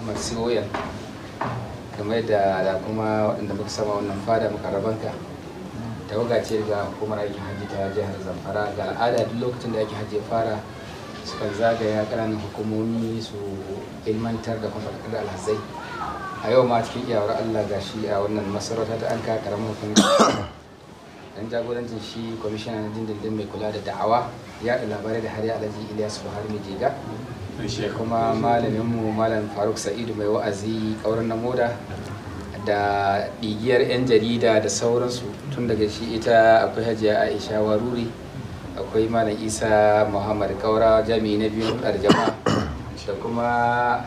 Ahmad Siwoyan game da da kuma waɗanda muka sama wannan fada makarabanka ta tawaga ce ga hukumar aikin hajji ta jihar Zamfara ga al'ada duk lokacin da aikin hajji fara sukan zagaya ƙananan hukumomi su ilmantar da kuma da alhazai a yau ma cikin iyawar Allah gashi a wannan masarauta ta an ka karamin hukumar jagorancin shi kwamishina na dindindin mai kula da da'awa yaɗa labarai da har alhaji ilyas buhari mai jega da kuma malaminmu malam faruk sa'idu mai wa'azi ƙaurin na moda da ɗigiyar 'yan jarida da sauransu tun daga shi ita akwai hajiya aisha waruri akwai malam isa muhammad kaura jami'i na biyu a jama'a da kuma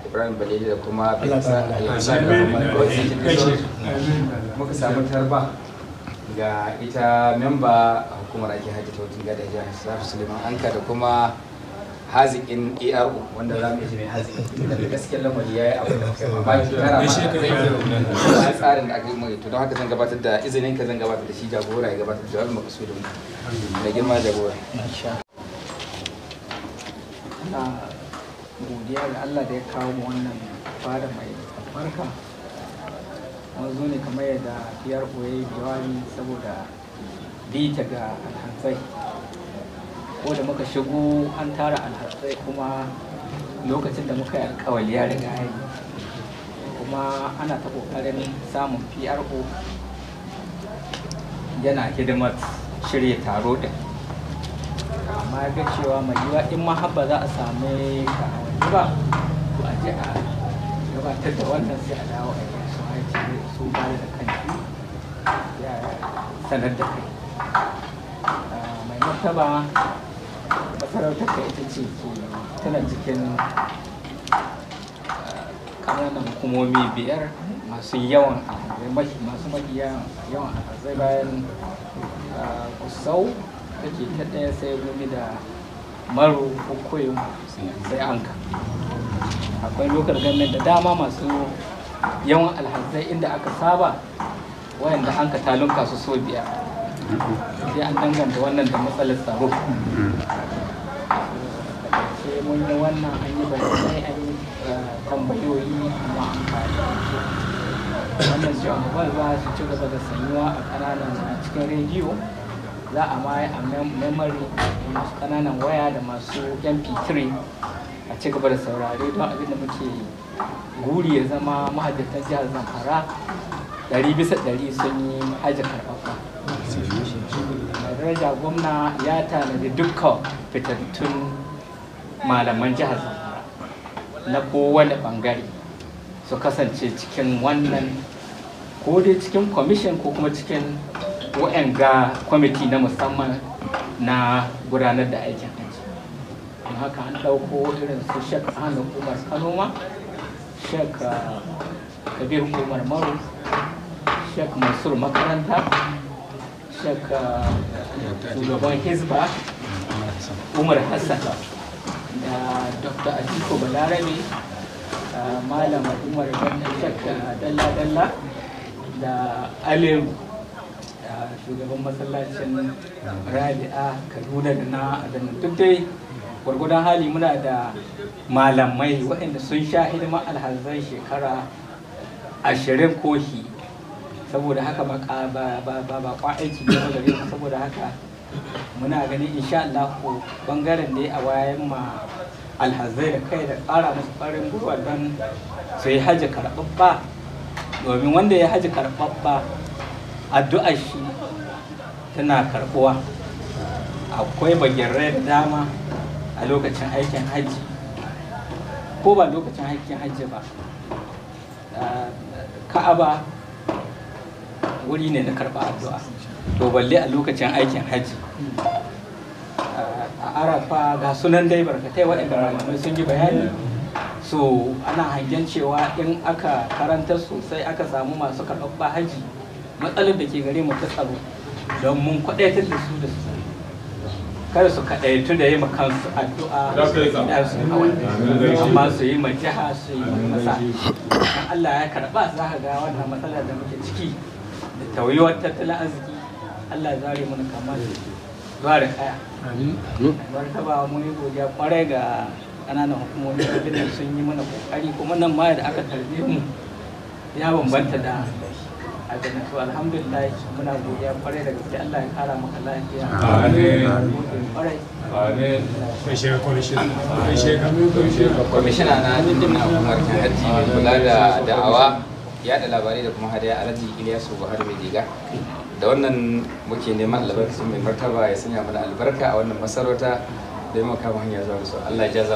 ibrahim balili da kuma muhammad muka samu tarba ga ita memba a hukumar ake hajji ta wajen gada jihar Shafi Suleiman Anka da kuma haziƙin ARO wanda za mu yi mai haziƙin da gaskiyar lamari ya yi abu da kai mamaki tara ma zai yi tsarin da aka yi mai to don haka zan gabatar da izinin ka zan gabatar da shi jagora ya gabatar da jawabin makasudin da girma jagora. Ina godiya da Allah da ya kawo mu wannan fara mai albarka. wani zo ne kamar yadda biyar koyi jawabi saboda bita ga alhansai ko da muka shigo an tara alhansai kuma lokacin da muka yi alkawali ya riga yi kuma ana ta kokarin samun pro yana hidimar shirya taro din amma ya ga cewa mai yiwa in mahabba za a sami ba to a je a gabatar da wannan sai a dawo a su ba a sanar da kai ah, mai martaba masarautar ka ita ce tana cikin ah, ƙananan hukumomi biyar masu yawan masu mafiya yawan alhazai bayan kusau ah, take ta ɗaya sai gumi da maro ko koyo sai anka akwai lokar gamin da dama masu yawan alhazai inda aka saba wayanda an ka talunka su so biya sai an danganta wannan da matsalar tsaro sai mun yi wannan an yi bayanai an yi eh, tambayoyi amma an wannan jama'a ba su ci gaba da sanyuwa a kananan a cikin rediyo za a ma a memory masu kananan waya da masu mp3 a ci gaba da saurare don abin da muke guri ya zama mahajjata jihar zamfara ɗari bisa ɗari sun yi hajji karɓaɓɓa daraja gwamna ya tanadi dukkan fitattun malaman jihar zamfara na kowane ɓangare su kasance cikin wannan ko dai cikin kwamishin ko kuma cikin ga kwamiti na musamman na gudanar da aikin haka an ɗauko irin su shek hana umar kanoma shek uh, kabir umar maru shek masur makaranta shek uh, shugaban hizba umar hassan da uh, dr ajiko balarabe malam umar shek dalla-dalla da alim shugaban masallacin rabi'a kaduna da na adana duk dai gwargwadon hali muna da malamai waɗanda sun sha hidima alhazan shekara ashirin kohi saboda haka ba ba aiki ne ba gare saboda haka muna ganin insha Allah ko bangaren da a wayan ma alhazai da kai da ƙara musu farin gwiwa don su yi hajji karɓaɓɓa domin wanda ya hajji karɓaɓɓa addu'a shi tana karɓuwa akwai bagirai da dama a lokacin aikin hajji ko ba lokacin aikin hajji ba ka'aba wuri ne na karɓa addu'a to balle a lokacin aikin hajji a arafa ga sunan dai barkatai waɗanda malamai sun yi bayani so ana hangen cewa in aka karanta sosai aka samu masu karɓaɓɓa hajji matsalar da ke gare mu ta tsaro don mun kwaɗaitar da su da su kar su kaɗaitu da yi kansu addu'a da su kawai amma su yi ma jiha su yi masa Allah ya karɓa za ka ga wannan matsalar da muke ciki da tauyuwar tattalin arziki Allah ya zare mana kama da zuwa da kaya barka ba mun yi godiya kwarai ga ƙananan hukumomi da sun yi mana kokari kuma nan ma da aka tarbe mu ya bambanta da abin to alhamdulillah muna godiya kwarai da gaske Allah ya kara maka lafiya amin kwarai amin kai shi kwamishina kai shi kwamishina na dindin hukumar kan hajji mai kula da da'awa yada labarai da kuma hadaya alhaji Ilyasu Buhari mai diga da wannan muke neman albarkacin mai martaba ya sanya mana albarka a wannan masarauta da mu kama hanya zuwa su Allah ya jaza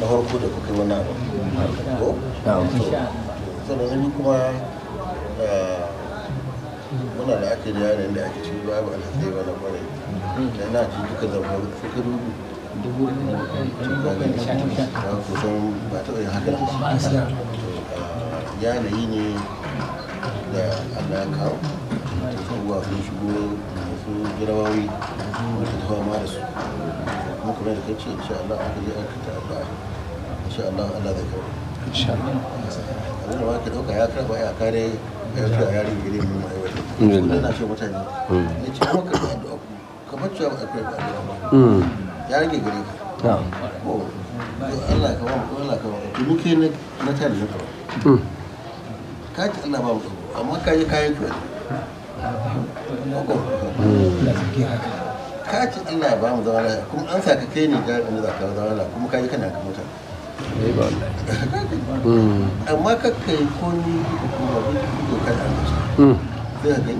na harko da kuka yi wani abu ko? sannan ni kuma eh, muna da ake da yanayin da ake cikin babu alhazai ba na kwarai da na ci duka zama fikiru dubu da kusan ba taɓa yin haka eh, yanayi ne da allah kawo abubuwa sun shigo masu jirawawi wata tawa ma da su kuma kamar da kace insha Allah aka je aka ta addu'a insha Allah Allah zai kawo insha Allah Allah ba ka dauka ya karba ya kare ya fi a yarin gire mu mai wata kuma ina ce mutane ne ce maka addu'a ka bacci ba akwai ba mm. ya rage gare ka Allah ka ba mu Allah ka ba mu ke ne na tare da mm. ka ka ci Allah ba mu amma ka yi kayan ku ko ko mm. ka ce Allah ba mu zama lafiya kuma an saka kai ne gari wanda za ka zama lafiya kuma ka ji kana ga mutane. Eh, hmm. amma ka kai ko ni ko hmm. sai ka gani hmm. an gari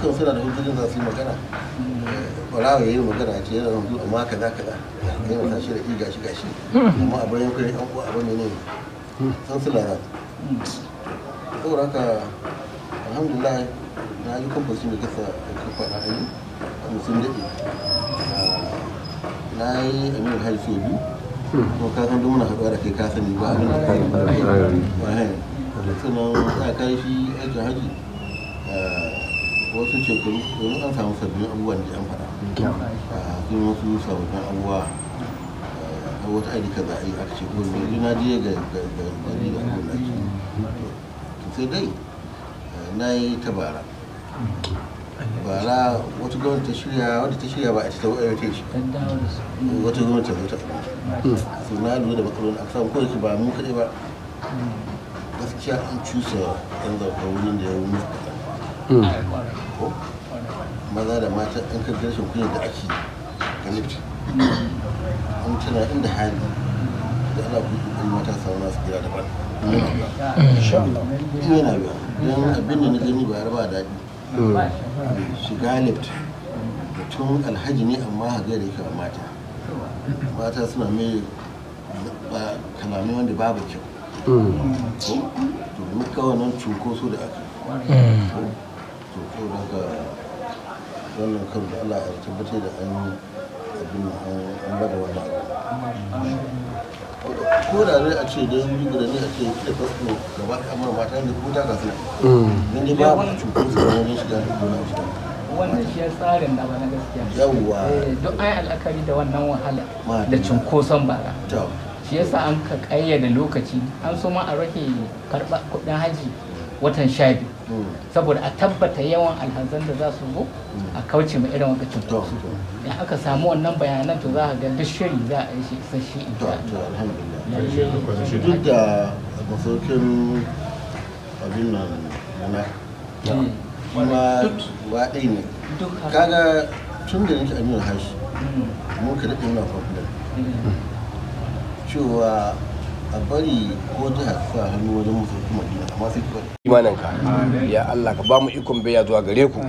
kan suna da hujjojin za su yi magana eh, ya yi magana ce yana amma wata shi da gashi gashi amma a bayan kai an kuwa abin ne san su lara saboda haka alhamdulillah na ba su ne kasa da kafa a hannu kuma daɗe na yi amir hajji sau biyu kuma ka san muna haɗuwa da kai ka sani ba abin da ka sani ba sannan za ka yi shi aikin hajji wasu shekaru domin an samu sabbin abubuwan da an faɗa sun wasu sabbin abubuwa a wata aiki za a yi a ce ko yanzu na je ga gari ga kuma sai dai na yi tabara bara wata gwamnati ta shirya wadda ta shirya ba a cikin wa'ayar ta shi wata gwamnati ta zuta su hmm. na lura da makaroni a samu kowace ba mun kaɗai ba hmm. gaskiya an cusa yan zarfa wurin da ya wuni hmm. maza da mata an kan rashin kunyar da ake ga an tana inda hali da ana buɗe ɗan mata samu nasu gida daban. Ina biya. biya. Don abin da na gani ba ya raba daɗi. su gane mutum alhaji ne amma hagar gari ka mata mata suna mai kalamai wanda babu kyau mm. to muka wannan cunkoso da aka mm. to ko daga wannan kan da Allah ya tabbatar da an abin an bada wannan ko a ce da yin guda ne a ce da fasko gaba da amma ta da ko da ka sai dan mm. dai ba mu cutar su ne shiga da gona shi wannan shi ya tsarin da ba na gaskiya yawwa eh, don ai al'akari da wannan wahala da cunkoson bara shi yasa an ka kayyade lokaci an so ma a rake karɓa kuɗin haji watan sha biyu hmm. saboda a tabbata yawan alhazan da za su zo hmm. a kauce mai irin wakacin kwasu in aka samu wannan bayanan to za a ga duk shiri za a yi shi isasshe in sha duk da masaukin abin nan hmm. kuma ne kaga tun da nake amina hashi mun ka daɗe muna cewa a bari ko jiha sa hannu wajen musu kuma dina amma sai bari imanin ka ya Allah ka ba mu ikon baya zuwa gare ku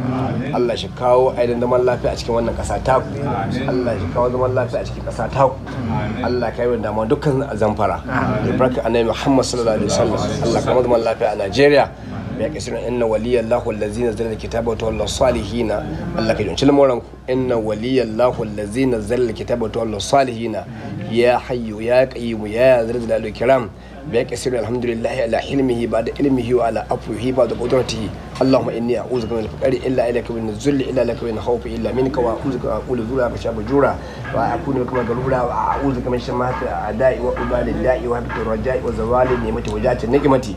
Allah shi kawo aidan zaman lafiya a cikin wannan kasa ta ku Allah shi kawo zaman lafiya a cikin kasa ta ku Allah ka yi wa dama dukkan zamfara da barka annabi Muhammad sallallahu alaihi wasallam Allah ka zaman lafiya a Najeriya ya kasirun inna waliyallahu allazi nazzala alkitaba wa tawalla salihina Allah ka yi ku inna waliyallahu allazi nazzala alkitaba wa tawalla salihina ya hayyu ya qayyimu ya zal ba ka bi alhamdulillahi ala hilmihi ba da ilmihi wa ala afwihi ba da qudratihi اللهم اني اعوذ بك من الفقر الا اليك ومن الذل الا لك ومن الخوف الا منك واعوذ بك اقول زورا بشاب جورا واكون بك مغرورا واعوذ بك من شماتة الاعداء وقبال الداء وهبة الرجاء وزوال النعمة وجات النقمة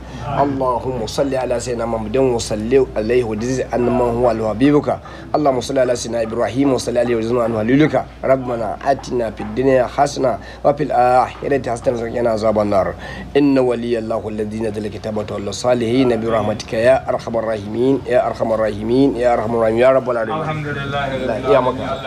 اللهم صل على سيدنا محمد وصل عليه وجزي عن من هو حبيبك اللهم صل على سيدنا ابراهيم وصل عليه وجزي عن هليلك ربنا اتنا في الدنيا حسنة وفي الاخرة حسنة وقنا عذاب النار ان ولي الله الذي نزل الكتاب وتولى الصالحين برحمتك يا ارحم الراحمين rahimin ya arhamar rahimin ya arhamar rahimin ya rabbal alamin alhamdulillah maka